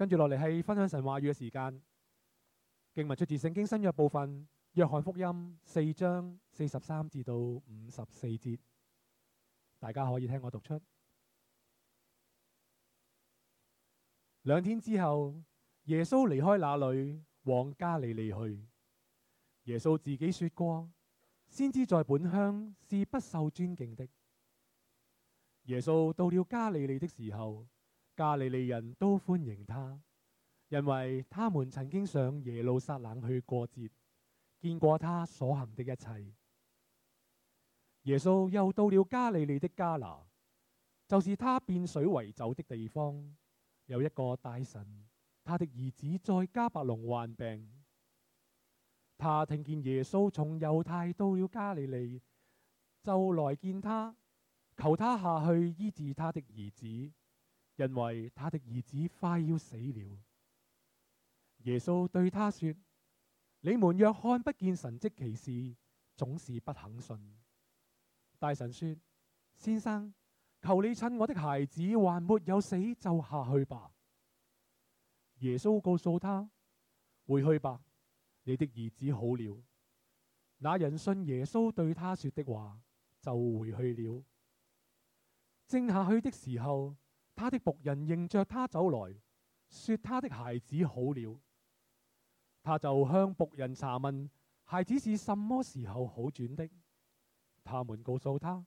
跟住落嚟係分享神話語嘅時間，經文出自聖經新約部分約翰福音四章四十三至到五十四節，大家可以聽我讀出。兩天之後，耶穌離開那裡往加利利去。耶穌自己說過，先知在本鄉是不受尊敬的。耶穌到了加利利的時候。加利利人都歡迎他，因為他們曾經上耶路撒冷去過節，見過他所行的一切。耶穌又到了加利利的加拿，就是他變水為酒的地方。有一個大臣，他的兒子在迦百農患病。他聽見耶穌從猶太到了加利利，就來見他，求他下去醫治他的兒子。因為他的兒子快要死了，耶穌對他說：你們若看不見神迹奇事，總是不肯信。大臣說：先生，求你趁我的孩子還沒有死就下去吧。耶穌告訴他：回去吧，你的兒子好了。那人信耶穌對他說的話，就回去了。正下去的時候。他的僕人迎着他走來，說他的孩子好了。他就向僕人查問孩子是什麼時候好轉的。他們告訴他，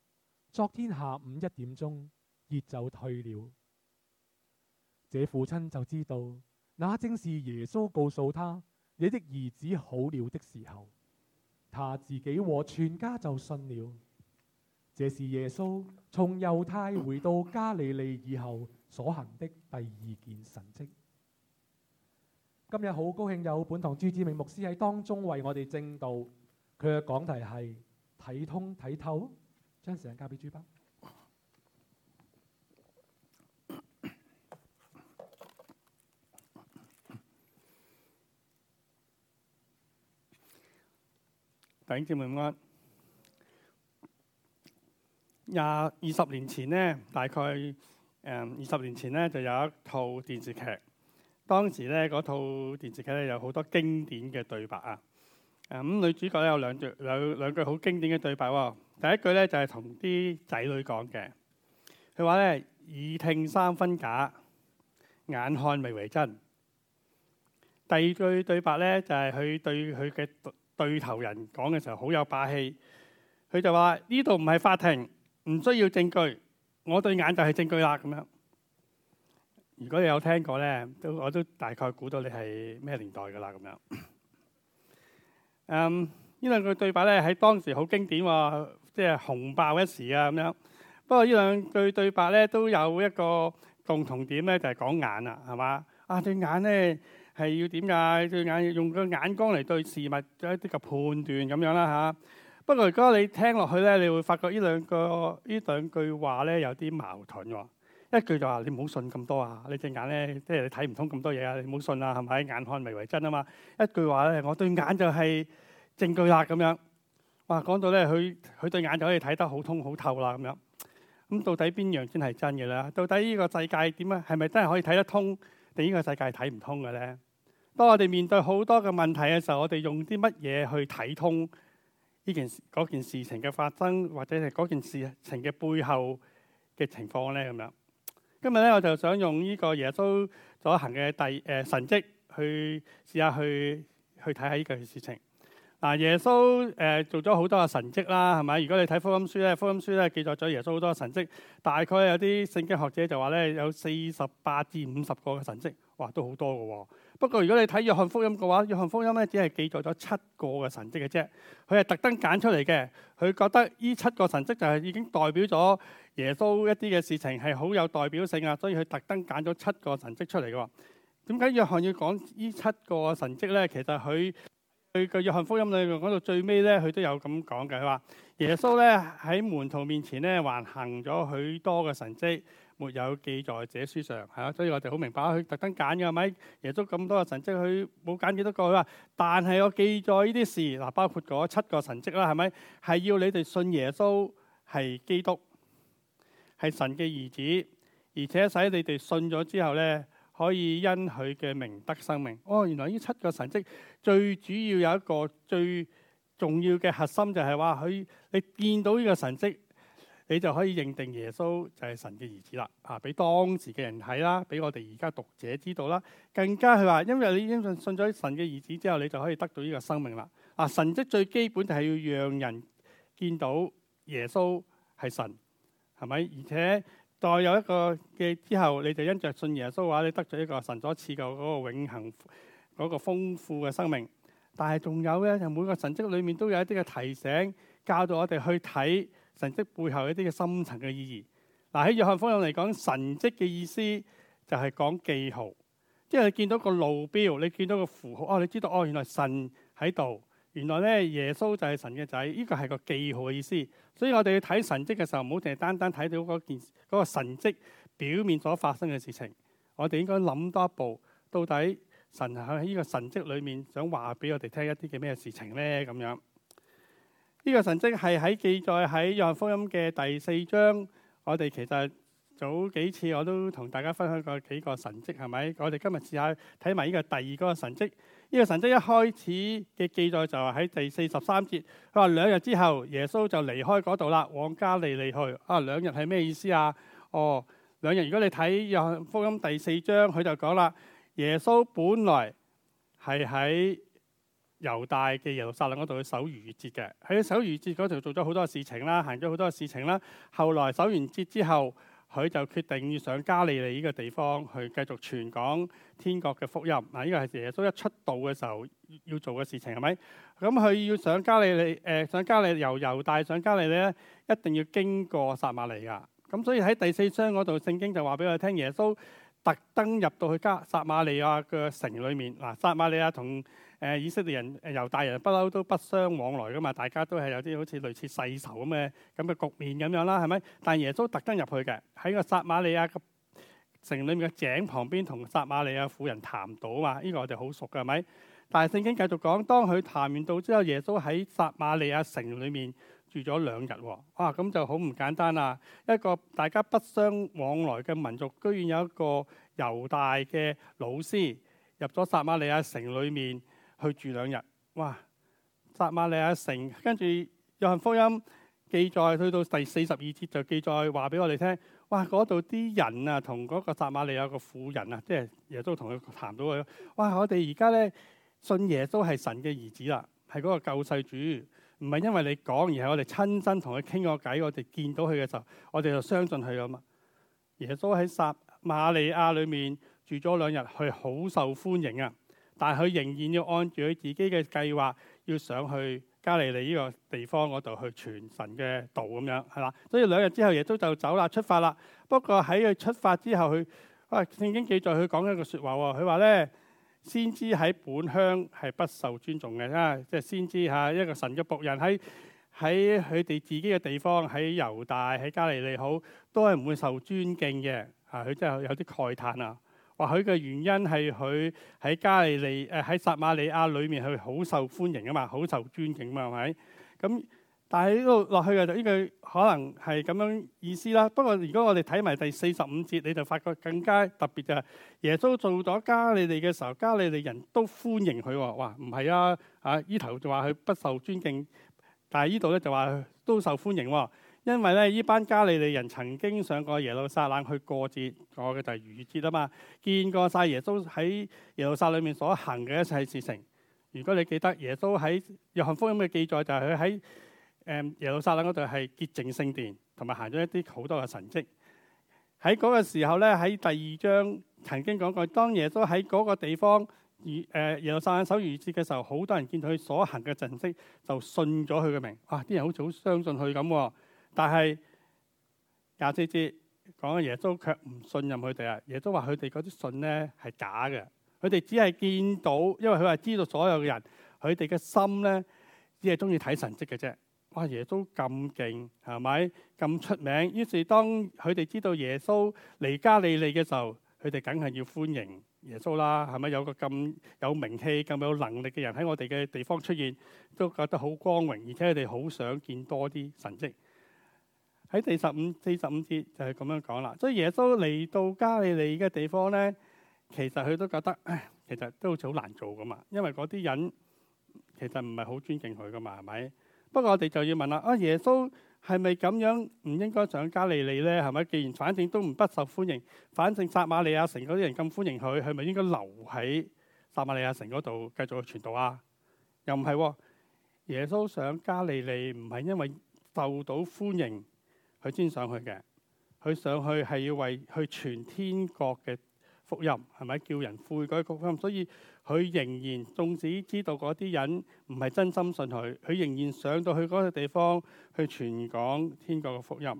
昨天下午一點鐘熱就退了。這父親就知道那正是耶穌告訴他你的兒子好了的時候。他自己和全家就信了。這是耶穌從猶太回到加利利以後所行的第二件神跡。今日好高興有本堂朱展明牧師喺當中為我哋證道，佢嘅講題係睇通睇透，將時間交俾朱伯。大家靜靜廿二十年前呢，大概誒二十年前呢，就有一套電視劇。當時咧，嗰套電視劇咧有好多經典嘅對白啊。咁、嗯、女主角咧有兩句兩兩句好經典嘅對白喎。第一句咧就係同啲仔女講嘅，佢話咧耳聽三分假，眼看未為真。第二句對白咧就係佢對佢嘅對頭人講嘅時候好有霸氣，佢就話呢度唔係法庭。唔需要證據，我對眼就係證據啦。咁樣，如果你有聽過咧，都我都大概估到你係咩年代噶啦。咁樣，嗯，呢兩句對白咧喺當時好經典，即係紅爆一時啊。咁樣，不過呢兩句對白咧都有一個共同點咧，就係講眼啊，係嘛啊，對眼咧係要點解？對眼用個眼光嚟對事物做一啲嘅判斷咁樣啦，吓。不過如果你聽落去咧，你會發覺呢兩個呢兩句話咧有啲矛盾喎啊。一句就話你唔好信咁多啊，你隻眼咧即係你睇唔通咁多嘢啊，你唔好信啊，係咪眼看未為真啊嘛？一句話咧，我對眼就係證據啦，咁樣哇，講到咧佢佢對眼就可以睇得好通好透啦，咁樣咁到底邊樣先係真嘅咧？到底呢到底個世界點啊？係咪真係可以睇得通定呢個世界睇唔通嘅咧？當我哋面對好多嘅問題嘅時候，我哋用啲乜嘢去睇通？呢件嗰件事情嘅發生，或者係嗰件事情嘅背後嘅情況咧，咁樣。今日咧，我就想用呢個耶穌所行嘅第誒神蹟，去試下去去睇下呢件事情。嗱，耶穌誒、呃、做咗好多嘅神蹟啦，係咪？如果你睇福音書咧，福音書咧記載咗耶穌好多神蹟，大概有啲聖經學者就話咧有四十八至五十個嘅神蹟，哇，都好多嘅喎、哦。不過如果你睇約翰福音嘅話，約翰福音咧只係記載咗七個嘅神蹟嘅啫，佢係特登揀出嚟嘅，佢覺得呢七個神蹟就係已經代表咗耶穌一啲嘅事情係好有代表性啊，所以佢特登揀咗七個神蹟出嚟嘅。點解約翰要講呢七個神蹟咧？其實佢。佢嘅約翰福音裏邊講到最尾咧，佢都有咁講嘅。佢話耶穌咧喺門徒面前咧，還行咗許多嘅神蹟，沒有記在這書上吓。所以我哋好明白佢特登揀嘅係咪？耶穌咁多嘅神蹟，佢冇揀幾多個。佢話，但係我記載呢啲事，嗱，包括嗰七個神蹟啦，係咪？係要你哋信耶穌係基督，係神嘅兒子，而且使你哋信咗之後咧。可以因佢嘅名得生命。哦，原來呢七個神蹟最主要有一個最重要嘅核心就係話佢你見到呢個神蹟，你就可以認定耶穌就係神嘅兒子啦。吓、啊、俾當時嘅人睇啦，俾我哋而家讀者知道啦。更加係話因為你已經信信咗神嘅兒子之後，你就可以得到呢個生命啦。啊，神蹟最基本就係要讓人見到耶穌係神，係咪？而且。再有一個嘅之後，你就因着信耶穌嘅話，你得咗一個神所賜救嗰個永恆嗰、那個豐富嘅生命。但係仲有咧，就每個神跡裏面都有一啲嘅提醒，教導我哋去睇神跡背後一啲嘅深層嘅意義。嗱，喺約翰福音嚟講，神跡嘅意思就係講記號，即係你見到個路標，你見到個符號哦、啊，你知道哦，原來神喺度。原來咧，耶穌就係神嘅仔，呢個係個記號嘅意思。所以我哋要睇神蹟嘅時候，唔好淨係單單睇到嗰件事、嗰、嗰個神蹟表面所發生嘅事情。我哋應該諗多一步，到底神喺呢個神蹟裏面想話俾我哋聽一啲嘅咩事情咧？咁樣呢、呢個神蹟係喺記載喺《約翰福音》嘅第四章。我哋其實早幾次我都同大家分享過幾個神蹟，係咪？我哋今日試下睇埋呢個第二個神蹟。呢個神跡一開始嘅記載就係喺第四十三節，佢話兩日之後耶穌就離開嗰度啦，往加利利去。啊，兩日係咩意思啊？哦，兩日如果你睇《約翰福音》第四章，佢就講啦，耶穌本來係喺猶大嘅耶路撒冷嗰度去守逾越節嘅，喺守逾越節嗰度做咗好多事情啦，行咗好多事情啦。後來守完節之後，佢就決定要上加利利呢個地方去繼續傳講天國嘅福音。嗱，呢個係耶穌一出道嘅時候要做嘅事情係咪？咁佢要上加利利，誒、呃，上加利利，由猶大上加利利咧，一定要經過撒瑪利亞。咁所以喺第四章嗰度，聖經就話俾我哋聽，耶穌特登入到去加撒瑪利亞嘅城裏面。嗱，撒瑪利亞同誒以色列人誒猶大人不嬲都不相往來噶嘛，大家都係有啲好似類似世仇咁嘅咁嘅局面咁樣啦，係咪？但耶穌特登入去嘅喺個撒瑪利亞城裏面嘅井旁邊同撒瑪利亞婦人談到啊，呢、這個我哋好熟嘅係咪？但係聖經繼續講，當佢談完到之後，耶穌喺撒瑪利亞城裏面住咗兩日喎。哇、啊，咁就好唔簡單啦。一個大家不相往來嘅民族，居然有一個猶大嘅老師入咗撒瑪利亞城裏面。去住兩日，哇！撒瑪利亞城，跟住《約翰福音》記載，去到第四十二節就記載話俾我哋聽，哇！嗰度啲人啊，同嗰個撒瑪利亞個婦人啊，即係耶穌同佢談到佢，哇！我哋而家咧信耶穌係神嘅兒子啦，係嗰個救世主，唔係因為你講，而係我哋親身同佢傾過偈，我哋見到佢嘅時候，我哋就相信佢咁嘛。耶穌喺撒瑪利亞裏面住咗兩日，佢好受歡迎啊！但係佢仍然要按住佢自己嘅計劃，要上去加利利呢個地方嗰度去傳神嘅道咁樣，係啦。所以兩日之後，亦都就走啦，出發啦。不過喺佢出發之後，佢啊，聖經記載佢講一句説話喎，佢話咧先知喺本鄉係不受尊重嘅啊，即係先知吓、啊、一個神嘅僕人喺喺佢哋自己嘅地方，喺猶大，喺加利利好都係唔會受尊敬嘅啊，佢真係有啲慨嘆啊。或許嘅原因係佢喺加利利誒喺撒瑪利亞裏面佢好受歡迎啊嘛，好受尊敬啊嘛，係咪？咁但係呢度落去嘅就呢句可能係咁樣意思啦。不過如果我哋睇埋第四十五節，你就發覺更加特別就係耶穌做咗加利利嘅時候，加利利人都歡迎佢喎、哦。哇，唔係啊，啊呢頭就話佢不受尊敬，但係呢度咧就話都受歡迎喎、哦。因為咧，呢班加利利人曾經上過耶路撒冷去過節，過嘅就係逾越節啊嘛。見過晒耶穌喺耶路撒裏面所行嘅一切事情。如果你記得，耶穌喺約翰福音嘅記載，就係佢喺誒耶路撒冷嗰度係潔淨聖殿，同埋行咗一啲好多嘅神跡。喺嗰個時候咧，喺第二章曾經講過，當耶穌喺嗰個地方，誒耶路撒冷守逾越節嘅時候，好多人見到佢所行嘅神跡，就信咗佢嘅名。哇！啲人好早相信佢咁、啊。但係廿四節講嘅耶穌卻唔信任佢哋啊！耶穌話：佢哋嗰啲信咧係假嘅，佢哋只係見到，因為佢話知道所有嘅人，佢哋嘅心咧只係中意睇神跡嘅啫。哇！耶穌咁勁係咪咁出名？於是當佢哋知道耶穌嚟加利利嘅時候，佢哋梗係要歡迎耶穌啦。係咪有個咁有名氣、咁有能力嘅人喺我哋嘅地方出現，都覺得好光榮，而且佢哋好想見多啲神跡。喺第四十五、四十五節就係咁樣講啦。所以耶穌嚟到加利利嘅地方咧，其實佢都覺得，唉，其實都好似好難做噶嘛，因為嗰啲人其實唔係好尊敬佢噶嘛，係咪？不過我哋就要問啦：啊，耶穌係咪咁樣唔應該上加利利咧？係咪？既然反正都唔不受歡迎，反正撒瑪利亞城嗰啲人咁歡迎佢，佢係咪應該留喺撒瑪利亞城嗰度繼續去傳道啊？又唔係。耶穌上加利利唔係因為受到歡迎。佢先上去嘅，佢上去係要為去傳天國嘅福音，係咪叫人悔改福音？所以佢仍然縱使知道嗰啲人唔係真心信佢，佢仍然上到去嗰個地方去傳講天國嘅福音，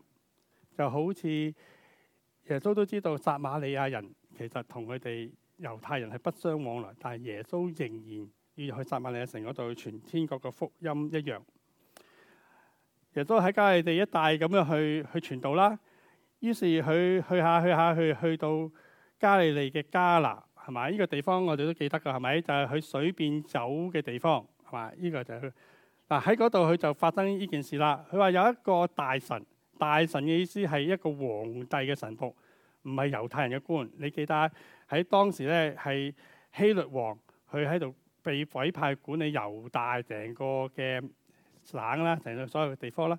就好似耶穌都知道撒瑪利亞人其實同佢哋猶太人係不相往來，但係耶穌仍然要去撒瑪利亞城嗰度去傳天國嘅福音一樣。亦都喺加利利一帶咁樣去去傳道啦。於是佢去，去下去下去去到加利利嘅加拿係咪？呢、這個地方我哋都記得㗎，係咪？就係、是、佢水邊走嘅地方係嘛？呢、這個就係嗱喺嗰度佢就發生呢件事啦。佢話有一個大臣，大臣嘅意思係一個皇帝嘅臣僕，唔係猶太人嘅官。你記得喺當時咧係希律王，佢喺度被委派管理猶大成個嘅。省啦，成個所有嘅地方啦。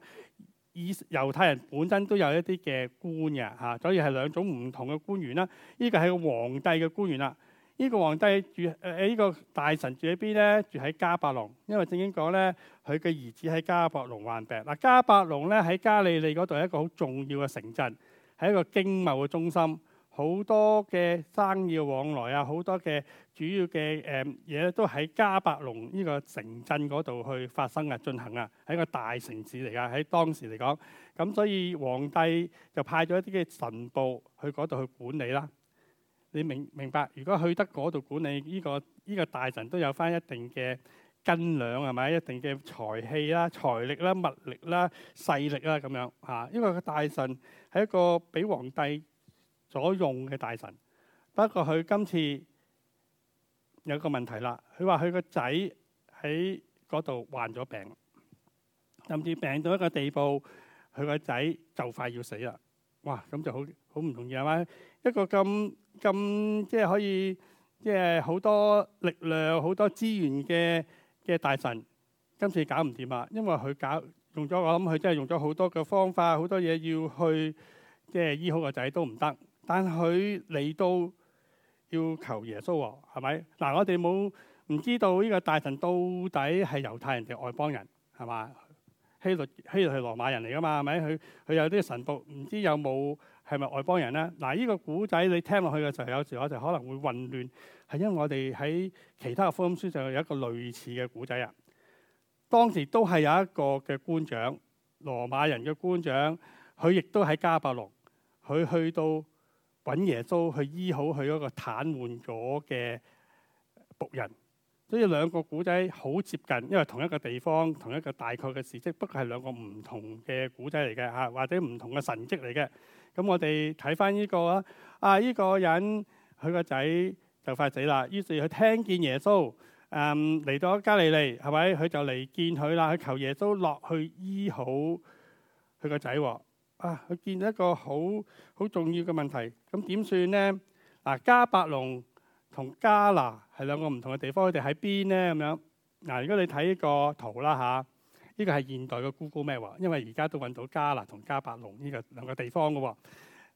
以猶太人本身都有一啲嘅官嘅吓，所以係兩種唔同嘅官員啦。呢、這個係個皇帝嘅官員啦。呢、這個皇帝住誒呢、呃這個大臣住喺邊咧？住喺迦百農，因為正經講咧，佢嘅兒子喺迦百農患病。嗱，迦百農咧喺加利利嗰度係一個好重要嘅城鎮，係一個經貿嘅中心。好多嘅生意往來啊，好多嘅主要嘅誒嘢咧，都喺迦百農呢個城鎮嗰度去發生啊、進行啊，係一個大城市嚟噶。喺當時嚟講，咁所以皇帝就派咗一啲嘅臣部去嗰度去管理啦。你明明白，如果去得嗰度管理呢、呢個呢、呢個大臣都有翻一定嘅斤兩係咪？一定嘅財氣啦、財力啦、物力啦、勢力啦咁樣嚇。因為個大臣係一個俾皇帝。所用嘅大臣。不過佢今次有個問題啦。佢話佢個仔喺嗰度患咗病，甚至病到一個地步，佢個仔就快要死啦。哇！咁就好好唔容易吖嘛，一個咁咁即係可以即係好多力量、好多資源嘅嘅大臣。今次搞唔掂啊！因為佢搞用咗，我諗佢真係用咗好多嘅方法，好多嘢要去即係醫好個仔都唔得。但佢嚟到要求耶穌，係咪嗱？我哋冇唔知道呢個大臣到底係猶太人定外邦人係嘛？希律希律係羅馬人嚟㗎嘛？係咪佢佢有啲神僕唔知有冇係咪外邦人咧？嗱，呢、這個古仔你聽落去嘅時候，有時我就可能會混亂，係因為我哋喺其他福音書就有一個類似嘅古仔啊。當時都係有一個嘅官長，羅馬人嘅官長，佢亦都喺迦百農，佢去到。揾耶穌去醫好佢嗰個癱瘓咗嘅僕人，所以兩個古仔好接近，因為同一個地方、同一個大概嘅時節，不過係兩個唔同嘅古仔嚟嘅嚇，或者唔同嘅神蹟嚟嘅。咁我哋睇翻呢個啊，啊、這、呢個人佢個仔就快死啦，於是佢聽見耶穌誒嚟到加利利，係咪？佢就嚟見佢啦，佢求耶穌落去醫好佢個仔喎。啊！佢見到一個好好重要嘅問題，咁點算咧？嗱，迦百農同迦拿係兩個唔同嘅地方，佢哋喺邊咧？咁樣嗱、啊，如果你睇個圖啦嚇，呢、啊這個係現代嘅 Google Map 因為而家都揾到迦拿同迦百農呢個兩個地方嘅喎、啊。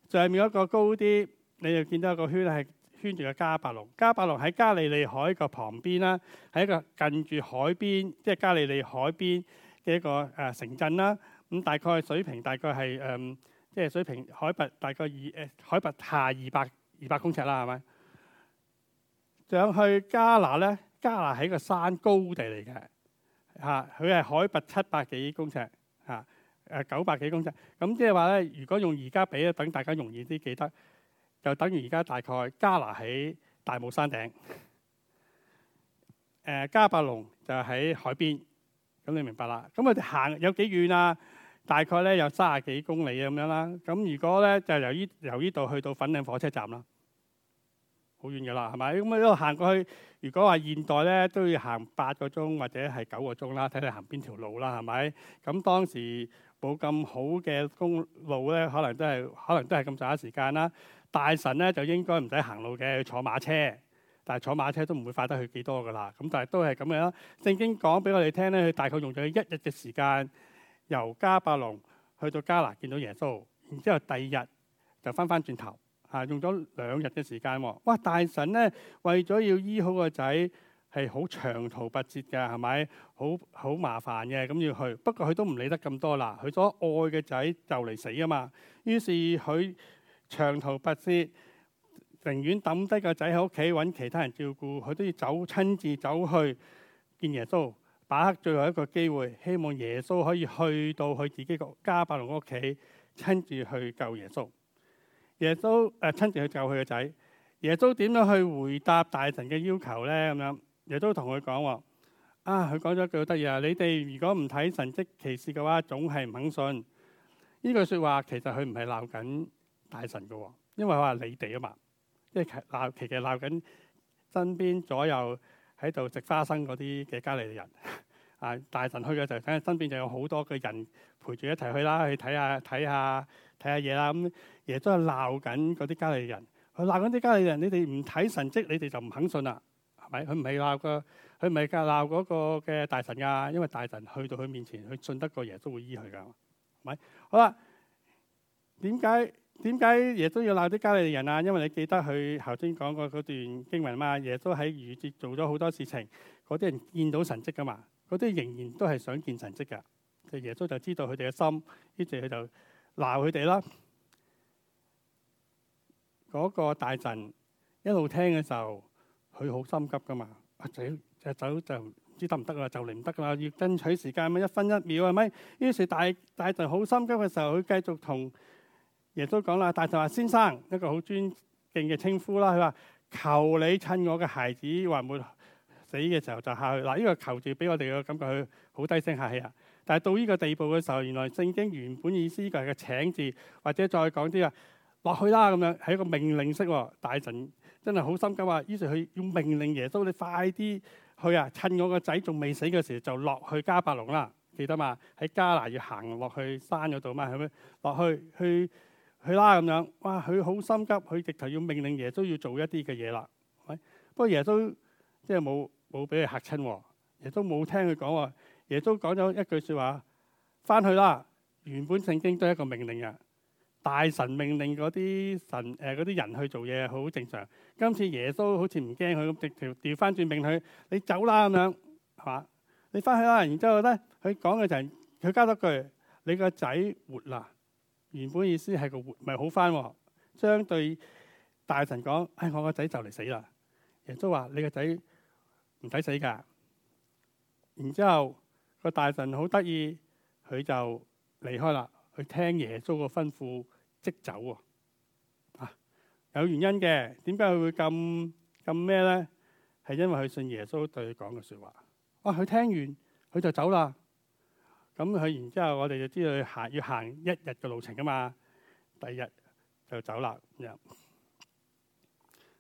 上面一個高啲，你就見到一個圈係圈住嘅迦百農。迦百農喺加利利海個旁邊啦，係一個近住海邊，即係加利利海邊嘅一個誒、啊、城鎮啦。啊咁大概水平大概係誒，即、呃、係、就是、水平海拔大概二誒、呃、海拔下二百二百公尺啦，係咪？上去迦拿咧，迦拿係一個山高地嚟嘅嚇，佢、啊、係海拔七百幾公尺嚇，誒九百幾公尺。咁即係話咧，如果用而家比咧，等大家容易啲記得，就等於而家大概迦拿喺大帽山頂，誒、呃、迦百農就喺海邊，咁你明白啦。咁佢哋行有幾遠啊？大概咧有三十幾公里咁樣啦，咁如果咧就由呢由呢度去到粉嶺火車站啦，好遠噶啦，係咪？咁一路行過去，如果話現代咧都要行八個鐘或者係九個鐘啦，睇你行邊條路啦，係咪？咁當時冇咁好嘅公路咧，可能都係可能都係咁長時間啦。大臣咧就應該唔使行路嘅，要坐馬車，但係坐馬車都唔會快得去幾多噶啦。咁但係都係咁樣啦。聖經講俾我哋聽咧，佢大概用咗一日嘅時間。由迦百農去到迦拿，見到耶穌，然之後第二日就翻翻轉頭，嚇、啊、用咗兩日嘅時間哇！大神咧，為咗要醫好個仔，係好長途跋涉嘅，係咪？好好麻煩嘅，咁要去。不過佢都唔理得咁多啦，佢所愛嘅仔就嚟死啊嘛。於是佢長途跋涉，寧願抌低個仔喺屋企揾其他人照顧，佢都要走，親自走去見耶穌。把握最後一個機會，希望耶穌可以去到佢自己個迦百農屋企，親自去救耶穌。耶穌誒親自去救佢嘅仔。耶穌點樣去回答大臣嘅要求咧？咁樣耶穌同佢講：啊，佢講咗一句得意啊！你哋如果唔睇神跡奇事嘅話，總係唔肯信。呢句説話其實佢唔係鬧緊大臣嘅，因為佢話你哋啊嘛，即係鬧其實鬧緊身邊左右。喺度食花生嗰啲嘅加利利人啊， 大臣去嘅就睇，身邊就有好多嘅人陪住一齊去啦，去睇下睇下睇下嘢啦，咁、嗯、耶穌鬧緊嗰啲加利利人，佢鬧緊啲加利利人，你哋唔睇神跡，你哋就唔肯信啦，係咪？佢唔係鬧個，佢唔係架鬧嗰個嘅大臣噶，因為大臣去到佢面前，佢信得過耶穌會醫佢噶，係咪？好啦，點解？點解耶穌要鬧啲加利利人啊？因為你記得佢頭先講過嗰段經文嘛？耶穌喺逾節做咗好多事情，嗰啲人見到神跡噶嘛？嗰啲仍然都係想見神跡噶，即係耶穌就知道佢哋嘅心，於是佢就鬧佢哋啦。嗰個大臣一路聽嘅時候，佢好心急噶嘛？啊，走就走就唔知得唔得啦，就嚟唔得啦，要爭取時間啊，咪一分一秒係咪？於是大大臣好心急嘅時候，佢繼續同。耶穌都講啦，大臣話先生一個好尊敬嘅稱呼啦。佢話求你趁我嘅孩子還沒死嘅時候就下去嗱。呢、這個求字俾我哋嘅感覺，佢好低聲下氣啊。但係到呢個地步嘅時候，原來聖經原本意思呢個係個請字，或者再講啲啊落去啦咁樣係一個命令式。哦、大臣真係好心急啊，於是佢要命令耶穌你快啲去啊，趁我嘅仔仲未死嘅時候就落去迦百農啦。記得嘛，喺迦拿要行落去山嗰度嘛，係咪落去去？去去啦咁樣，哇！佢好心急，佢直頭要命令耶穌要做一啲嘅嘢啦。喂，不過耶穌即係冇冇俾佢吓親，耶穌冇聽佢講。耶穌講咗一句說話：，翻去啦！原本聖經都係一個命令嘅大神命令嗰啲神誒嗰啲人去做嘢，好正常。今次耶穌好似唔驚佢咁，直條調翻轉命佢：「你走啦咁樣係嘛？你翻去啦。然之後咧，佢講嘅就係佢加多句：你個仔活啦！原本意思係個唔係好翻、哦，相對大臣講：，唉、哎，我個仔就嚟死啦！耶穌話：你個仔唔使死噶。然之後個大臣好得意，佢就離開啦，去聽耶穌個吩咐即走啊！有原因嘅，點解佢會咁咁咩咧？係因為佢信耶穌對佢講嘅說話。哇、啊！佢聽完佢就走啦。咁佢然之後，我哋就知道行要行一日嘅路程㗎嘛。第二日就走啦。咁樣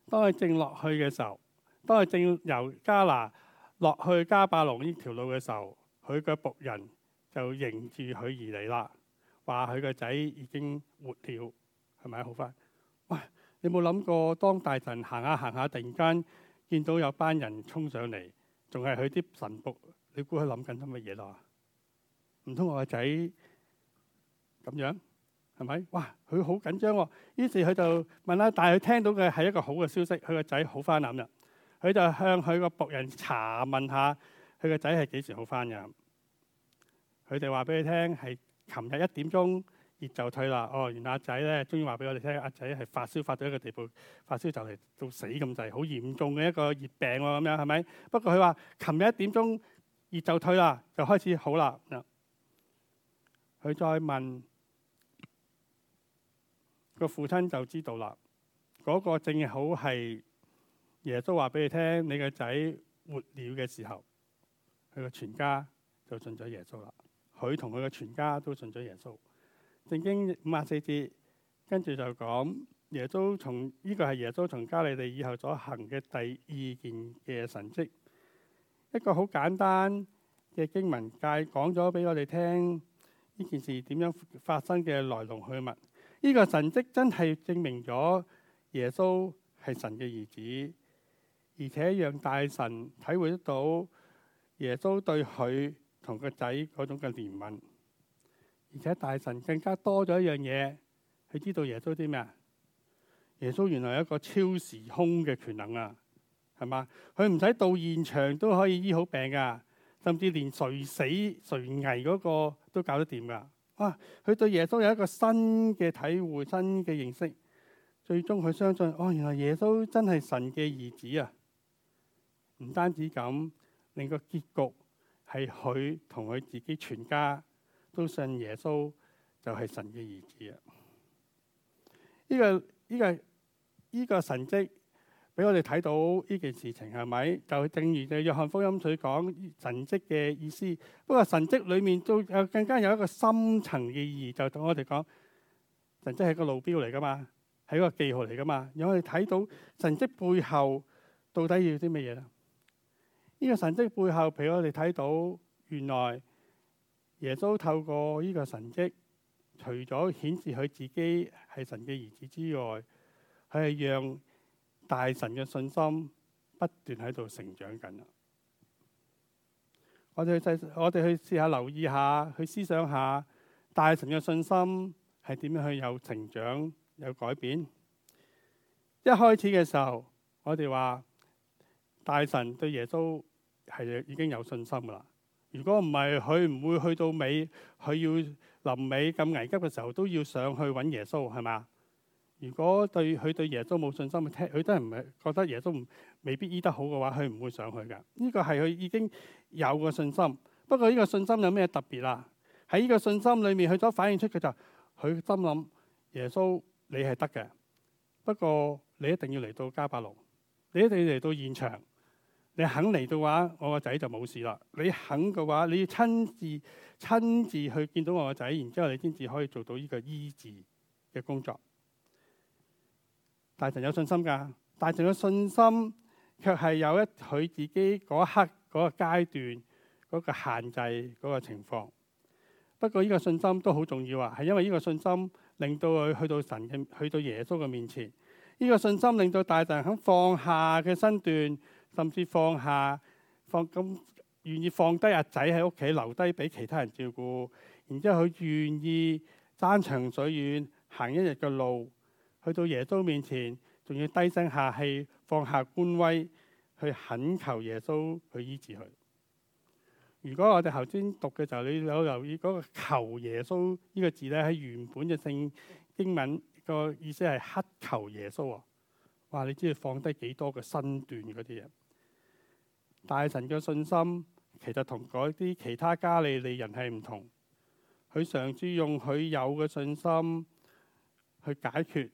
當佢正落去嘅時候，當佢正由迦拿落去迦百農呢條路嘅時候，佢個僕人就迎住佢而嚟啦，話：佢個仔已經活跳。係咪好翻喂！你有冇諗過，當大臣行下行下，突然間見到有班人衝上嚟，仲係佢啲神僕，你估佢諗緊啲乜嘢啦？唔通我個仔咁樣係咪？哇！佢好緊張喎。於是佢就問啦，但係佢聽到嘅係一個好嘅消息，佢個仔好翻啦咁啦。佢就向佢個僕人查問下，佢個仔係幾時好翻噶？佢哋話俾佢聽係琴日一點鐘熱就退啦。哦，原來阿仔咧終於話俾我哋聽，阿仔係發燒發到一個地步，發燒就嚟到死咁滯，好嚴重嘅一個熱病喎。咁樣係咪？不過佢話琴日一點鐘熱就退啦，就開始好啦。佢再問個父親，就知道啦。嗰、那個正好係耶穌話俾你聽：你個仔活了嘅時候，佢嘅全家就信咗耶穌啦。佢同佢嘅全家都信咗耶穌。正經五十四節，跟住就講耶穌從呢個係耶穌從加利利以後所行嘅第二件嘅神跡，一個好簡單嘅經文界講咗俾我哋聽。呢件事點樣發生嘅來龍去脈？呢個神跡真係證明咗耶穌係神嘅兒子，而且讓大神體會得到耶穌對佢同個仔嗰種嘅憐憫，而且大神更加多咗一樣嘢，佢知道耶穌啲咩？耶穌原來有一個超時空嘅權能啊，係嘛？佢唔使到現場都可以醫好病㗎。甚至連垂死垂危嗰個都搞得掂㗎，哇！佢對耶穌有一個新嘅體會、新嘅認識，最終佢相信哦，原來耶穌真係神嘅兒子啊！唔單止咁，另一個結局係佢同佢自己全家都信耶穌，就係神嘅兒子啊！呢個、呢個、呢個神跡。俾我哋睇到呢件事情係咪？就正如嘅約翰福音佢講神跡嘅意思，不過神跡裏面都誒更加有一個深層嘅意義，就同我哋講神跡係個路標嚟噶嘛，係一個記號嚟噶嘛。讓我哋睇到神跡背後到底要啲乜嘢？呢、這個神跡背後俾我哋睇到，原來耶穌透過呢個神跡，除咗顯示佢自己係神嘅兒子之外，佢係讓。大臣嘅信心不斷喺度成長緊。我哋去試，我哋去試下留意下，去思想下大臣嘅信心係點樣去有成長、有改變。一開始嘅時候，我哋話大臣對耶穌係已經有信心噶啦。如果唔係，佢唔會去到尾，佢要臨尾咁危急嘅時候都要上去揾耶穌，係咪？如果對佢對耶穌冇信心，佢聽佢都係唔係覺得耶穌未必醫得好嘅話，佢唔會上去嘅。呢個係佢已經有個信心。不過呢個信心有咩特別啊？喺呢個信心裏面，佢所反映出嘅就係佢心諗耶穌你係得嘅。不過你一定要嚟到迦百農，你一定要嚟到現場。你肯嚟嘅話，我個仔就冇事啦。你肯嘅話，你要親自親自去見到我個仔，然之後你先至可以做到呢個醫治嘅工作。大臣有信心噶，大臣嘅信心卻係有一佢自己嗰一刻嗰個階段嗰個限制嗰個情況。不過呢個信心都好重要啊，係因為呢個信心令到佢去到神嘅去到耶穌嘅面前。呢個信心令到大臣肯放下嘅身段，甚至放下放咁願意放低阿仔喺屋企留低俾其他人照顧，然之後佢願意山長水遠行一日嘅路。去到耶穌面前，仲要低聲下氣，放下官威，去懇求耶穌去醫治佢。如果我哋頭先讀嘅時候你有留意嗰個求耶穌呢個字咧，喺原本嘅聖經文個意思係乞求耶穌啊！哇，你知要放低幾多嘅身段嗰啲人？大臣嘅信心其實同嗰啲其他加利利人係唔同。佢嘗試用佢有嘅信心去解決。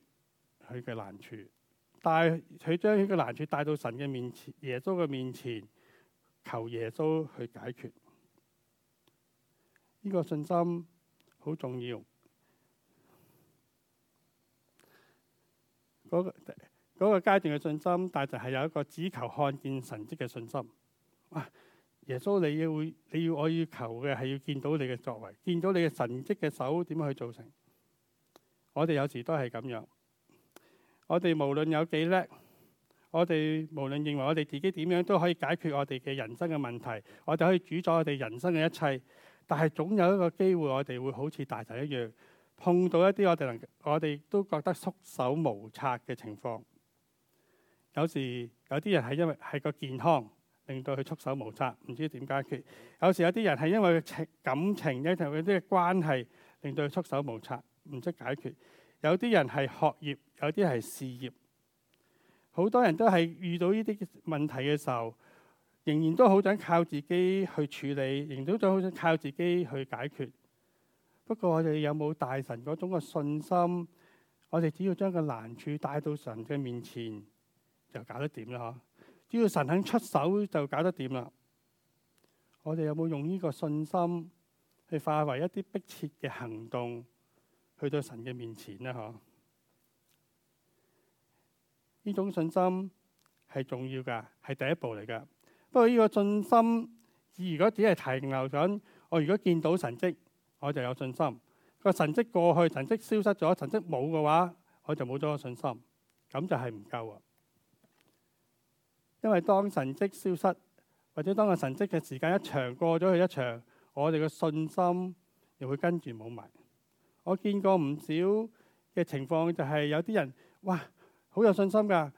佢嘅難處，但係佢將佢嘅難處帶到神嘅面前，耶穌嘅面前，求耶穌去解決。呢個信心好重要。嗰個嗰個階段嘅信心，但就係有一個只求看見神蹟嘅信心。哇！耶穌，你要會你要我要求嘅係要見到你嘅作為，見到你嘅神蹟嘅手點樣去造成。我哋有時都係咁樣。我哋無論有幾叻，我哋無論認為我哋自己點樣都可以解決我哋嘅人生嘅問題，我哋可以主宰我哋人生嘅一切。但係總有一個機會，我哋會好似大頭一樣，碰到一啲我哋能，我哋都覺得束手無策嘅情況。有時有啲人係因為係個健康，令到佢束手無策，唔知點解決。有時有啲人係因為情感情，有時候有啲嘅關係，令到佢束手無策，唔識解決。有啲人係學業，有啲係事業，好多人都係遇到呢啲問題嘅時候，仍然都好想靠自己去處理，仍然都好想靠自己去解決。不過我哋有冇大神嗰種嘅信心？我哋只要將個難處帶到神嘅面前，就搞得掂啦。只要神肯出手，就搞得掂啦。我哋有冇用呢個信心去化為一啲迫切嘅行動？去到神嘅面前咧，嗬？呢種信心係重要噶，係第一步嚟噶。不過呢個信心，如果只係停留緊，我如果見到神蹟，我就有信心。個神蹟過去，神蹟消失咗，神蹟冇嘅話，我就冇咗個信心，咁就係唔夠啊！因為當神蹟消失，或者當個神蹟嘅時間一長，過咗去一長，我哋嘅信心又會跟住冇埋。我見過唔少嘅情況，就係有啲人哇，好有信心噶，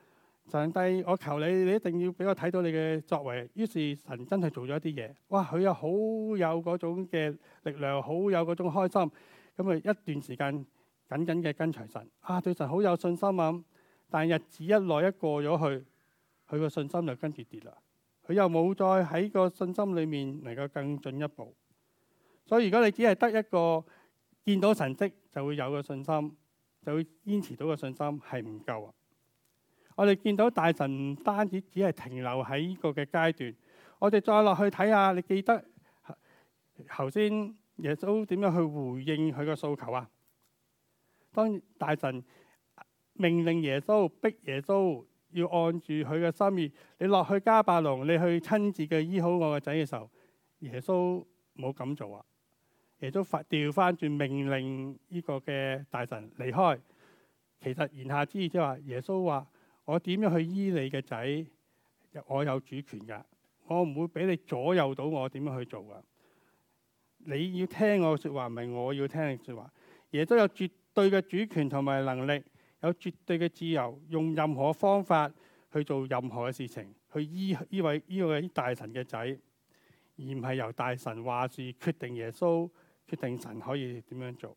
上帝，我求你，你一定要俾我睇到你嘅作為。於是神真係做咗一啲嘢，哇，佢又好有嗰種嘅力量，好有嗰種開心。咁啊，一段時間緊緊嘅跟隨神，啊，對神好有信心啊！但日子一來一過咗去，佢個信心就跟住跌啦。佢又冇再喺個信心裡面能夠更進一步。所以如果你只係得一個，見到神蹟就會有個信心，就會堅持到個信心係唔夠啊！我哋見到大神唔單止只係停留喺呢個嘅階段，我哋再落去睇下，你記得頭先耶穌點樣去回應佢個訴求啊？當大神命令耶穌，逼耶穌要按住佢嘅心意，你落去迦百農，你去親自嘅醫好我個仔嘅時候，耶穌冇咁做啊！耶穌發調翻轉命令呢個嘅大臣離開。其實言下之意即係話，耶穌話：我點樣去醫你嘅仔？我有主權噶，我唔會俾你左右到我點樣去做噶。你要聽我嘅說話，唔係我要聽你說話。耶穌有絕對嘅主權同埋能力，有絕對嘅自由，用任何方法去做任何嘅事情去醫呢位呢個大臣嘅仔，而唔係由大神話事決定耶穌，決定神可以點樣做，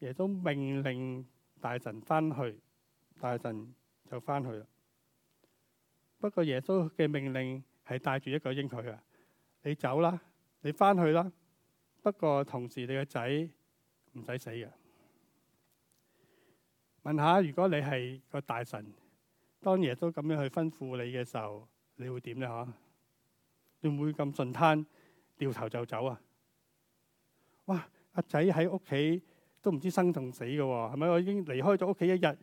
耶穌命令大臣翻去，大臣就翻去啦。不過耶穌嘅命令係帶住一個應許啊，你走啦，你翻去啦。不過同時你個仔唔使死嘅。問下，如果你係個大臣，當耶穌咁樣去吩咐你嘅時候，你會點呢？吓，會唔會咁順攤，掉頭就走啊？哇！阿仔喺屋企都唔知生同死㗎喎，係咪？我已經離開咗屋企一日，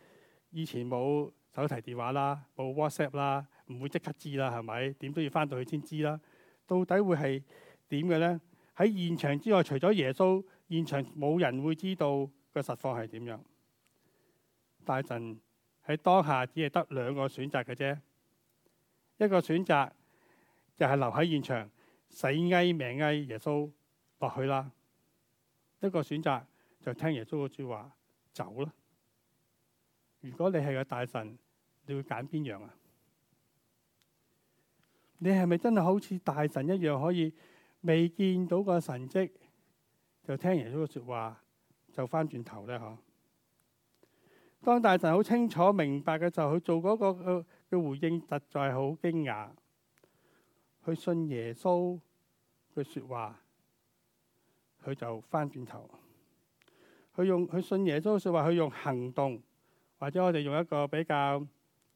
以前冇手提電話啦，冇 WhatsApp 啦，唔會即刻知啦，係咪？點都要翻到去先知啦。到底會係點嘅咧？喺現場之外，除咗耶穌，現場冇人會知道個實況係點樣。大臣喺當下只係得兩個選擇嘅啫，一個選擇就係留喺現場，死嗌命嗌耶穌落去啦。一個選擇就聽耶穌嘅説話走啦。如果你係個大臣，你會揀邊樣啊？你係咪真係好似大臣一樣可以未見到個神跡，就聽耶穌嘅説話就翻轉頭咧？嗬、啊？當大臣好清楚明白嘅時候就去做嗰、那個嘅回應，實在好驚訝。去信耶穌嘅説話。佢就翻轉頭，佢用佢信耶穌，就話佢用行動，或者我哋用一個比較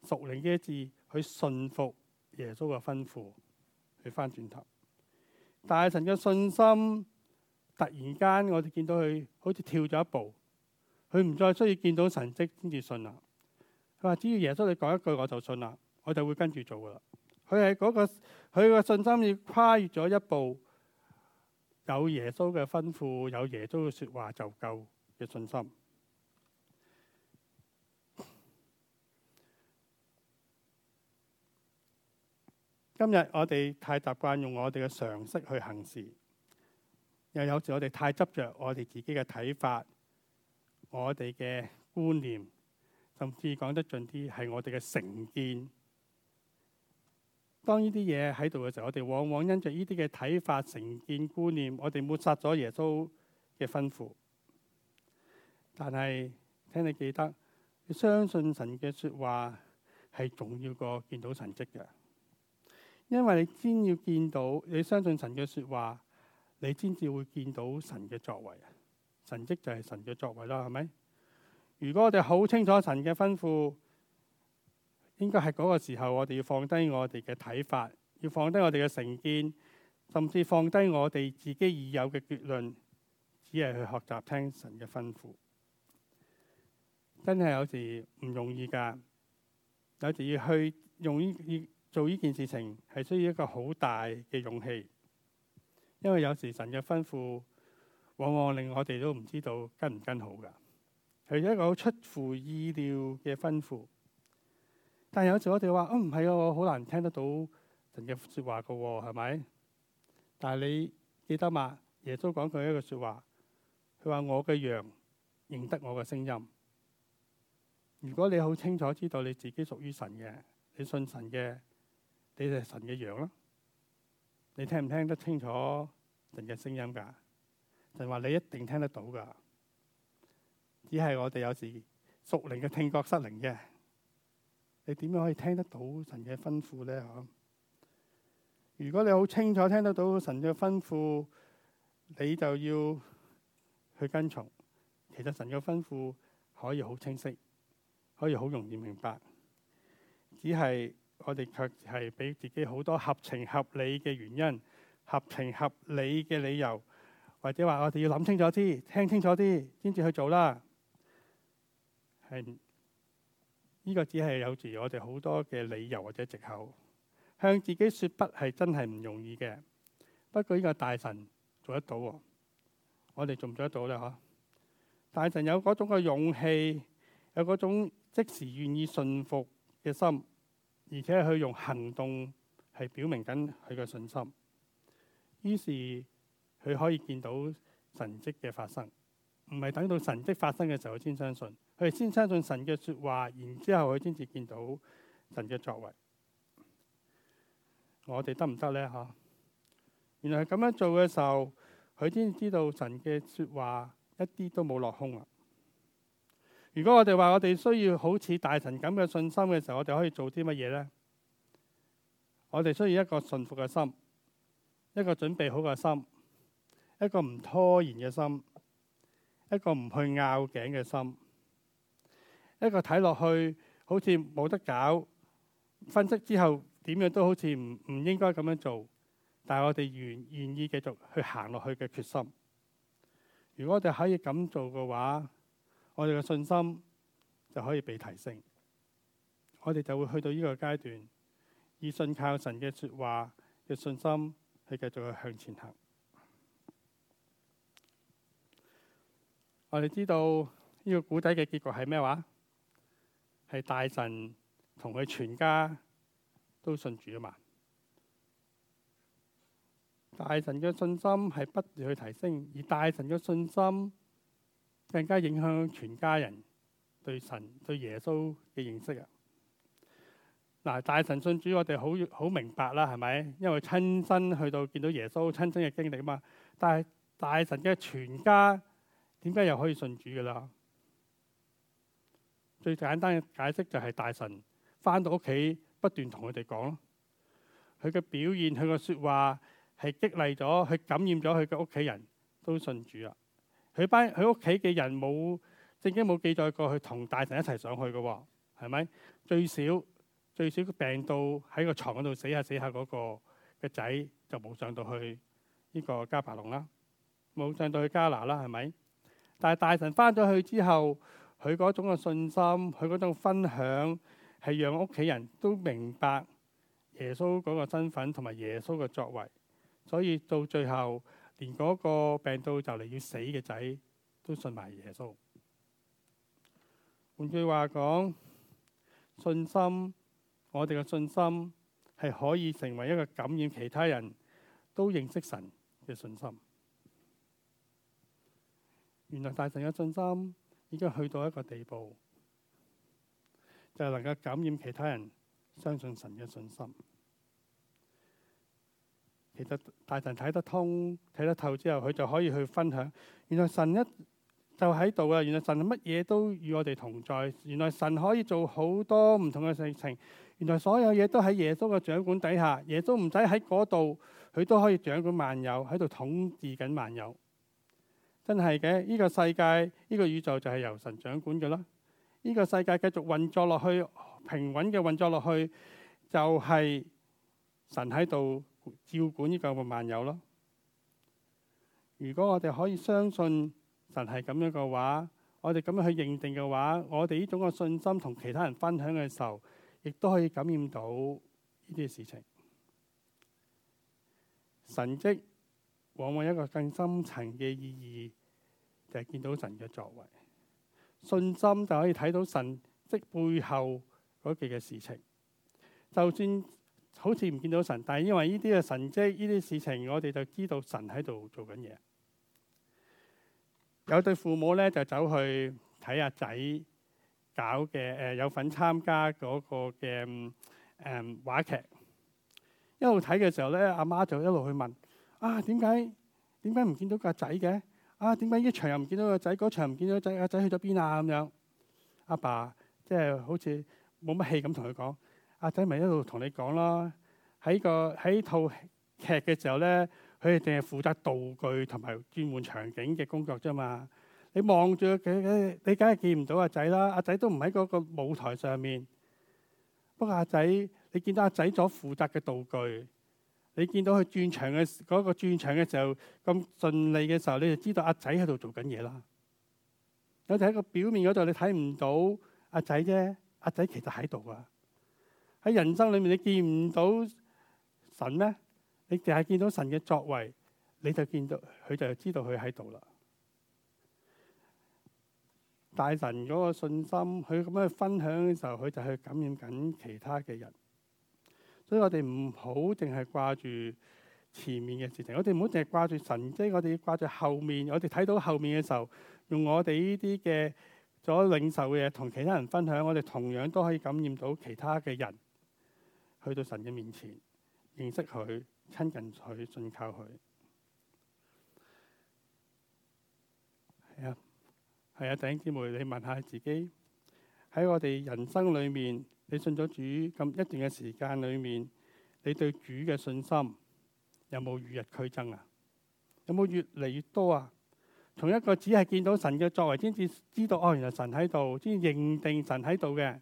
屬靈嘅字，去信服耶穌嘅吩咐，去翻轉頭。大臣嘅信心突然間，我哋見到佢好似跳咗一步，佢唔再需要見到神跡先至信啦。佢話只要耶穌你講一句，我就信啦，我就會跟住做啦。佢喺嗰個佢嘅信心要跨越咗一步。有耶穌嘅吩咐，有耶穌嘅説話就夠嘅信心。今日我哋太習慣用我哋嘅常識去行事，又有時我哋太執着我哋自己嘅睇法、我哋嘅觀念，甚至講得盡啲係我哋嘅成見。當呢啲嘢喺度嘅時候，我哋往往因着呢啲嘅睇法、成見、觀念，我哋抹殺咗耶穌嘅吩咐。但係請你記得，你相信神嘅説話係重要過見到神蹟嘅，因為你先要見到，你相信神嘅説話，你先至會見到神嘅作為。神蹟就係神嘅作為啦，係咪？如果我哋好清楚神嘅吩咐。應該係嗰個時候，我哋要放低我哋嘅睇法，要放低我哋嘅成見，甚至放低我哋自己已有嘅結論，只係去學習聽神嘅吩咐。真係有時唔容易噶，有時要去用呢做呢件事情，係需要一個好大嘅勇氣，因為有時神嘅吩咐往往令我哋都唔知道跟唔跟好噶，係一個出乎意料嘅吩咐。但有時我哋話，嗯、哦，唔係啊，我好難聽得到神嘅説話㗎喎、哦，係咪？但係你記得嘛？耶穌講過一個説話，佢話：我嘅羊認得我嘅聲音。如果你好清楚知道你自己屬於神嘅，你信神嘅，你就係神嘅羊囉。你聽唔聽得清楚神嘅聲音㗎？神話你一定聽得到㗎，只係我哋有時屬靈嘅聽覺失靈嘅。你點樣可以聽得到神嘅吩咐呢？嗬！如果你好清楚聽得到神嘅吩咐，你就要去跟從。其實神嘅吩咐可以好清晰，可以好容易明白，只係我哋卻係俾自己好多合情合理嘅原因，合情合理嘅理由，或者話我哋要諗清楚啲、聽清楚啲，先至去做啦。係。呢個只係有住我哋好多嘅理由或者藉口，向自己説不係真係唔容易嘅。不過呢個大臣做得到，我哋做唔做得到咧？嗬？大臣有嗰種嘅勇氣，有嗰種即時願意信服嘅心，而且佢用行動係表明緊佢嘅信心，於是佢可以見到神跡嘅發生。唔係等到神跡發生嘅時候，佢先相信，佢哋先相信神嘅說話，然之後佢先至見到神嘅作為。我哋得唔得呢？嗬？原來係咁樣做嘅時候，佢先知道神嘅說話一啲都冇落空啊！如果我哋話我哋需要好似大臣咁嘅信心嘅時候，我哋可以做啲乜嘢呢？我哋需要一個信服嘅心，一個準備好嘅心，一個唔拖延嘅心。一個唔去拗頸嘅心，一個睇落去好似冇得搞，分析之後點樣都好似唔唔應該咁樣做，但係我哋願願意繼續去行落去嘅決心。如果我哋可以咁做嘅話，我哋嘅信心就可以被提升，我哋就會去到呢個階段，以信靠神嘅說話嘅信心去繼續去向前行。我哋知道呢個古仔嘅結局係咩話？係大臣同佢全家都信主啊嘛！大臣嘅信心係不斷去提升，而大臣嘅信心更加影響全家人對神對耶穌嘅認識啊！嗱，大臣信主我哋好好明白啦，係咪？因為親身去到見到耶穌，親身嘅經歷啊嘛。但係大臣嘅全家，點解又可以信主嘅啦？最簡單嘅解釋就係大臣返到屋企不斷同佢哋講咯，佢嘅表現、佢嘅説話係激勵咗佢感染咗，佢嘅屋企人都信主啦。佢班佢屋企嘅人冇正經冇記載過，去同大臣一齊上去嘅喎，係咪？最少最少病到喺個床嗰度死下死下嗰、嗰個嘅仔就冇上到去呢個迦百農啦，冇上到去迦拿啦，係咪？但係大臣翻咗去之後，佢嗰種嘅信心，佢嗰種分享，係讓屋企人都明白耶穌嗰個身份同埋耶穌嘅作為。所以到最後，連嗰個病到就嚟要死嘅仔都信埋耶穌。換句話講，信心，我哋嘅信心係可以成為一個感染其他人都認識神嘅信心。原來大臣嘅信心已經去到一個地步，就係能夠感染其他人相信神嘅信心。其實大臣睇得通、睇得透之後，佢就可以去分享。原來神一就喺度啊！原來神乜嘢都與我哋同在。原來神可以做好多唔同嘅事情。原來所有嘢都喺耶穌嘅掌管底下，耶穌唔使喺嗰度，佢都可以掌管萬有，喺度統治緊萬有。真係嘅，呢個世界、呢個宇宙就係由神掌管嘅啦。呢個世界繼續運作落去，平穩嘅運作落去，就係神喺度照管呢個萬有咯。如果我哋可以相信神係咁樣嘅話，我哋咁樣去認定嘅話，我哋呢種嘅信心同其他人分享嘅時候，亦都可以感染到呢啲事情。神蹟往往有一個更深層嘅意義。就係見到神嘅作為，信心就可以睇到神即背後嗰件嘅事情。就算好似唔見到神，但係因為呢啲嘅神蹟，呢啲事情，我哋就知道神喺度做緊嘢。有對父母咧就走去睇阿仔搞嘅誒、呃，有份參加嗰個嘅誒、嗯、話劇。一路睇嘅時候咧，阿媽就一路去問：啊，點解點解唔見到個仔嘅？啊！點解呢場又唔見到個仔？嗰場唔見到個仔？阿仔去咗邊啊？咁樣，阿爸即係、就是、好似冇乜氣咁同佢講。阿仔咪一路同你講咯。喺個喺套劇嘅時候咧，佢哋淨係負責道具同埋轉換場景嘅工作啫嘛。你望住佢，你梗係見唔到阿仔啦。阿仔都唔喺嗰個舞台上面。不過阿仔，你見到阿仔所負責嘅道具。你見到佢轉場嘅嗰個轉場嘅時候咁順利嘅時候，你就知道阿仔喺度做緊嘢啦。有時喺個表面嗰度你睇唔到阿仔啫，阿仔其實喺度啊。喺人生裡面你見唔到神咧，你淨係見到神嘅作為，你就見到佢就知道佢喺度啦。大神嗰個信心，佢咁樣去分享嘅時候，佢就去感染緊其他嘅人。所以我哋唔好淨係掛住前面嘅事情，我哋唔好淨係掛住神蹟，即我哋要掛住後面。我哋睇到後面嘅時候，用我哋呢啲嘅所領受嘅嘢，同其他人分享，我哋同樣都可以感染到其他嘅人，去到神嘅面前，認識佢，親近佢，信靠佢。係啊，係啊，弟兄姊妹，你問下自己，喺我哋人生裡面。你信咗主咁一段嘅時間裏面，你對主嘅信心有冇與日俱增啊？有冇越嚟越多啊？從一個只係見到神嘅作為先至知道哦，原來神喺度，先認定神喺度嘅，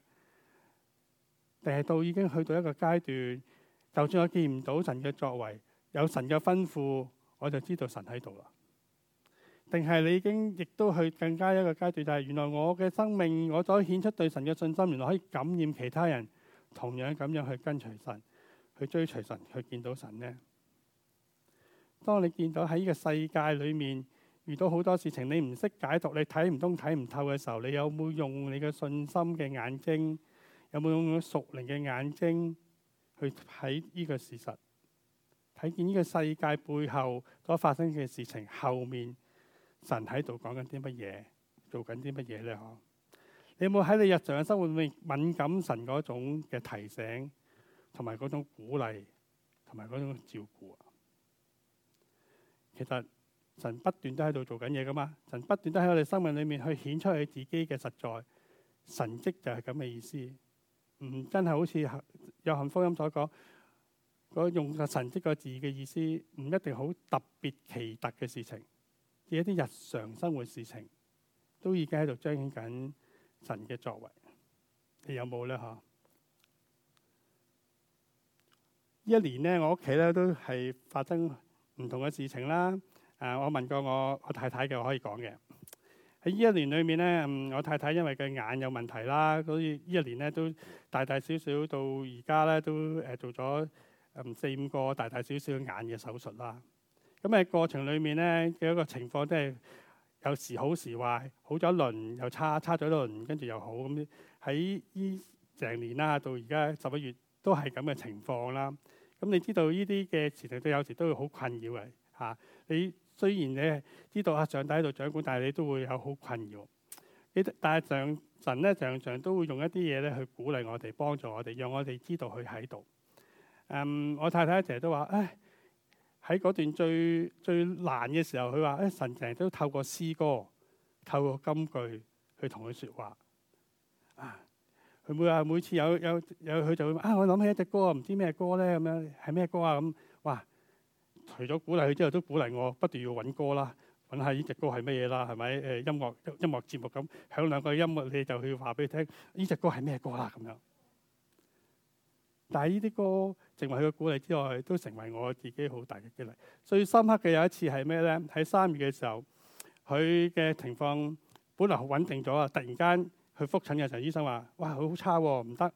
定係到已經去到一個階段，就算我見唔到神嘅作為，有神嘅吩咐，我就知道神喺度啦。定係你已經亦都去更加一個階段，就係原來我嘅生命，我所顯出對神嘅信心，原來可以感染其他人，同樣咁樣去跟隨神，去追隨神，去見到神呢？當你見到喺呢個世界裏面遇到好多事情，你唔識解讀，你睇唔通、睇唔透嘅時候，你有冇用你嘅信心嘅眼睛，有冇用屬靈嘅眼睛去睇呢個事實，睇見呢個世界背後所發生嘅事情後面？神喺度講緊啲乜嘢？做緊啲乜嘢咧？嗬、啊？你有冇喺你日常嘅生活裏面敏感神嗰種嘅提醒，同埋嗰種鼓勵，同埋嗰種照顧啊？其實神不斷都喺度做緊嘢噶嘛。神不斷都喺我哋生命裏面去顯出佢自己嘅實在神跡，就係咁嘅意思。唔真係好似《約翰福音》所講，用神跡個字嘅意思，唔一定好特別奇特嘅事情。嘅一啲日常生活事情，都已經喺度彰顯緊神嘅作為，你有冇咧？嗬？呢一年咧，我屋企咧都係發生唔同嘅事情啦。啊，我問過我我太太嘅，我可以講嘅。喺呢一年裏面咧，我太太因為佢眼有問題啦，所以呢一年咧都大大小小到而家咧都誒做咗四五個大大小小眼嘅手術啦。咁喺過程裏面咧，嘅一個情況即係有時好時壞，好咗一輪又差，差咗一輪，跟住又好咁。喺呢成年啦、啊，到而家十一月都係咁嘅情況啦。咁你知道呢啲嘅事情都有時都會好困擾嘅嚇、啊。你雖然你知道阿上帝喺度掌管，但係你都會有好困擾。你但係上神咧，常常都會用一啲嘢咧去鼓勵我哋，幫助我哋，讓我哋知道佢喺度。嗯，我太太成日都話唉。喺嗰段最最難嘅時候，佢話：誒、哎、神成日都透過詩歌、透過金句去同佢説話。佢每啊每次有有有，佢就會啊我諗起一隻歌啊，唔知咩歌咧咁樣，係咩歌啊咁。哇！除咗鼓勵佢之後，都鼓勵我不斷要揾歌啦，揾下呢隻歌係乜嘢啦，係咪誒音樂音樂節目咁？響兩個音樂，你就去話俾佢聽，呢隻歌係咩歌啦咁樣。但係呢啲歌，成為佢嘅鼓勵之外，都成為我自己好大嘅激勵。最深刻嘅有一次係咩咧？喺三月嘅時候，佢嘅情況本嚟好穩定咗啊，突然間去覆診嘅時候，醫生話：哇，好差喎、啊，唔得！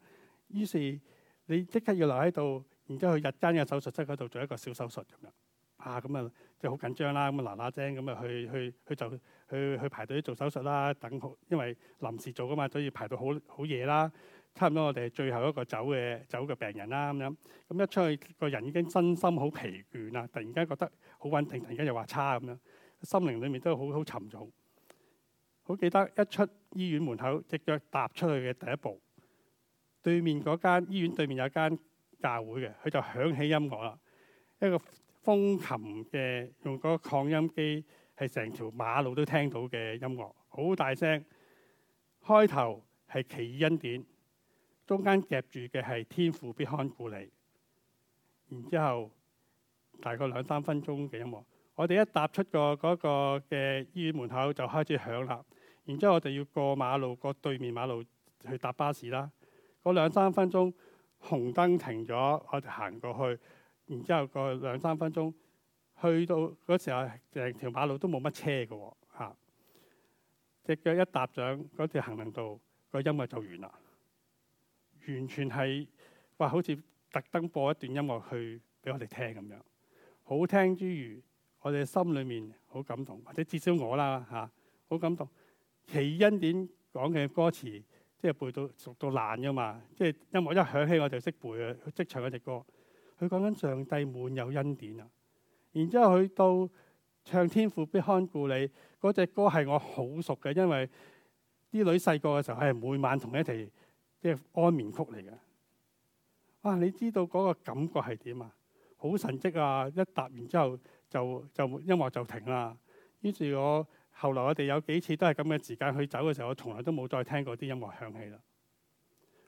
於是你即刻要留喺度，然之後去日間嘅手術室嗰度做一個小手術咁樣。啊，咁啊，即係好緊張啦，咁嗱嗱聲咁啊去去去就去去，去排隊做手術啦，等，好，因為臨時做噶嘛，所以排到好好夜啦。差唔多，我哋最後一個走嘅走嘅病人啦。咁樣咁一出去，個人已經身心好疲倦啊。突然間覺得好穩定，突然間又話差咁樣，心靈裡面都好好沉重。好記得一出醫院門口，隻腳踏出去嘅第一步，對面嗰間醫院對面有一間教會嘅，佢就響起音樂啦。一個風琴嘅用個擴音機，係成條馬路都聽到嘅音樂，好大聲。開頭係奇異恩典。中間夾住嘅係天父必看顧你，然之後大概兩三分鐘嘅音樂。我哋一踏出嗰個嗰個嘅醫院門口就開始響啦。然之後我哋要過馬路，過對面馬路去搭巴士啦。嗰兩三分鐘紅燈停咗，我哋行過去。然之後個兩三分鐘去到嗰時候，成條馬路都冇乜車㗎喎嚇。隻、啊、腳一踏上嗰條行人道，個音樂就完啦。完全係話好似特登播一段音樂去俾我哋聽咁樣，好聽之餘，我哋心裏面好感動，或者至少我啦嚇、啊、好感動。奇恩典講嘅歌詞，即係背到熟到爛噶嘛，即係音樂一響起我就識背啊，即唱嗰隻歌。佢講緊上帝滿有恩典啊，然之後去到唱天父必看顧你嗰隻歌係我好熟嘅，因為啲女細個嘅時候係每晚同佢一齊。即係安眠曲嚟嘅，哇、啊！你知道嗰個感覺係點啊？好神跡啊！一答完之後就就音樂就停啦。於是我後來我哋有幾次都係咁嘅時間去走嘅時候，我從來都冇再聽過啲音樂響起啦。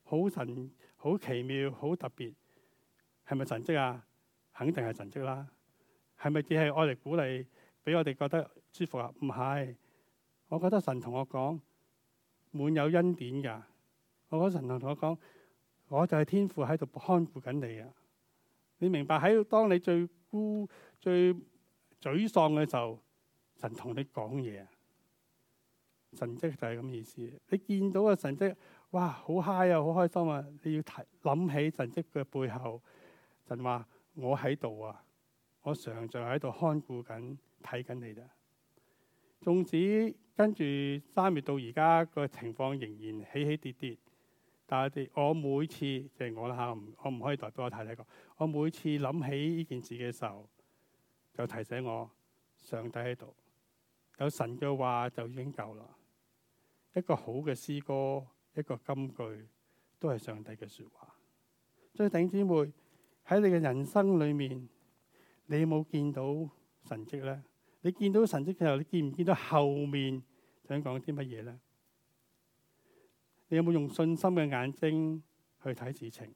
好神，好奇妙，好特別，係咪神跡啊？肯定係神跡啦、啊。係咪只係愛嚟鼓勵，俾我哋覺得舒服啊？唔係，我覺得神同我講滿有恩典噶。我神同我講，我就係天父喺度看顧緊你啊！你明白喺當你最孤最沮喪嘅時候，神同你講嘢，神跡就係咁意思。你見到個神跡，哇，好嗨啊，好開心啊！你要睇諗起神跡嘅背後，神話我喺度啊，我常常在喺度看顧緊睇緊你咋。縱使跟住三月到而家個情況仍然起起跌跌。我每次就係、是、我啦吓，我唔可以代表我太太講。我每次諗起呢件事嘅時候，就提醒我上帝喺度，有神嘅話就已經夠啦。一個好嘅詩歌，一個金句，都係上帝嘅說話。所以頂姊妹喺你嘅人生裏面，你有冇見到神跡咧？你見到神跡嘅時候，你見唔見到後面想講啲乜嘢咧？你有冇用信心嘅眼睛去睇事情？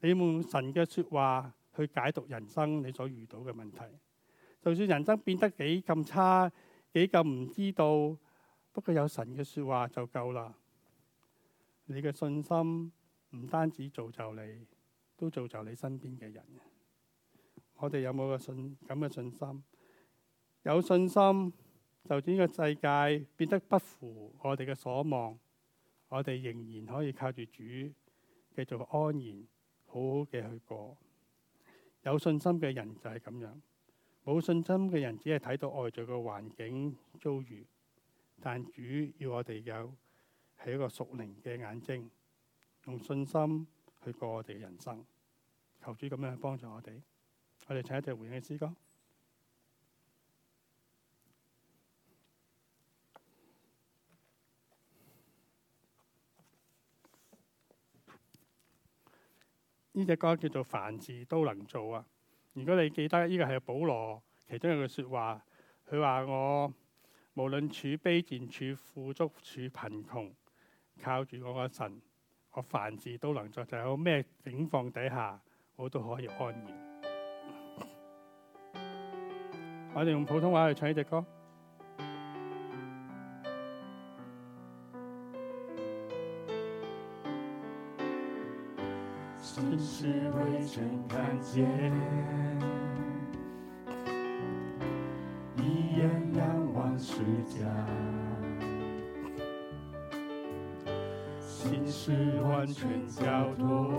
你有冇用神嘅說話去解讀人生？你所遇到嘅問題，就算人生變得幾咁差，幾咁唔知道，不過有神嘅說話就夠啦。你嘅信心唔單止造就你，都造就你身邊嘅人。我哋有冇個信咁嘅信心？有信心，就算呢個世界變得不符我哋嘅所望。我哋仍然可以靠住主，繼續安然好好嘅去過。有信心嘅人就係咁樣，冇信心嘅人只係睇到外在嘅環境遭遇。但主要我哋有係一個屬靈嘅眼睛，用信心去過我哋嘅人生。求主咁樣去幫助我哋。我哋請一首回應嘅詩歌。呢隻歌叫做凡事都能做啊！如果你記得，呢、這個係保羅其中一句説話，佢話我無論處卑賤，處富足，處貧窮，靠住我個神，我凡事都能做。就喺咩境況底下，我都可以安然。 我哋用普通話去唱呢隻歌。是未曾看見，一眼仰望是假，心事完全交託，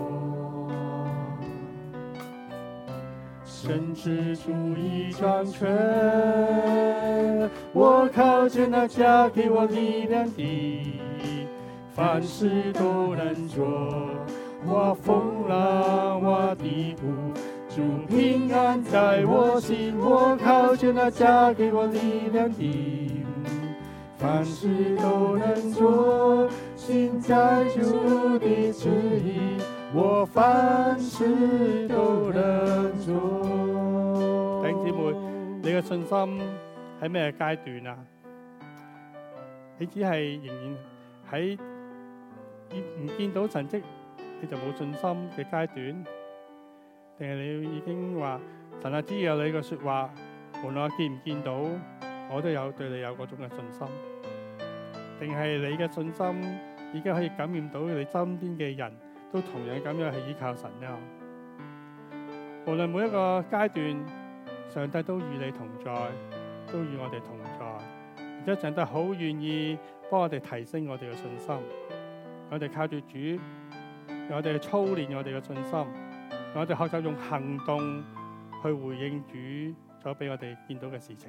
甚至主意掌權，我靠着那加給我力量的，凡事都能做。我風浪我地步，主平安在我心，我靠着那加給我力量的主，凡事都能做，信在主的旨意。我凡事都能做。弟兄姊妹，你嘅信心喺咩階段啊？你只係仍然喺唔見到神跡。你就冇信心嘅階段，定係你已經話神啊，知有你嘅說話，無論我見唔見到，我都有對你有嗰種嘅信心。定係你嘅信心已經可以感染到你身邊嘅人都同樣咁樣係依靠神咧。無論每一個階段，上帝都與你同在，都與我哋同在，而家上帝好願意幫我哋提升我哋嘅信心，我哋靠住主，我哋操練我哋嘅信心，我哋學習用行動去回應主所俾我哋見到嘅事情。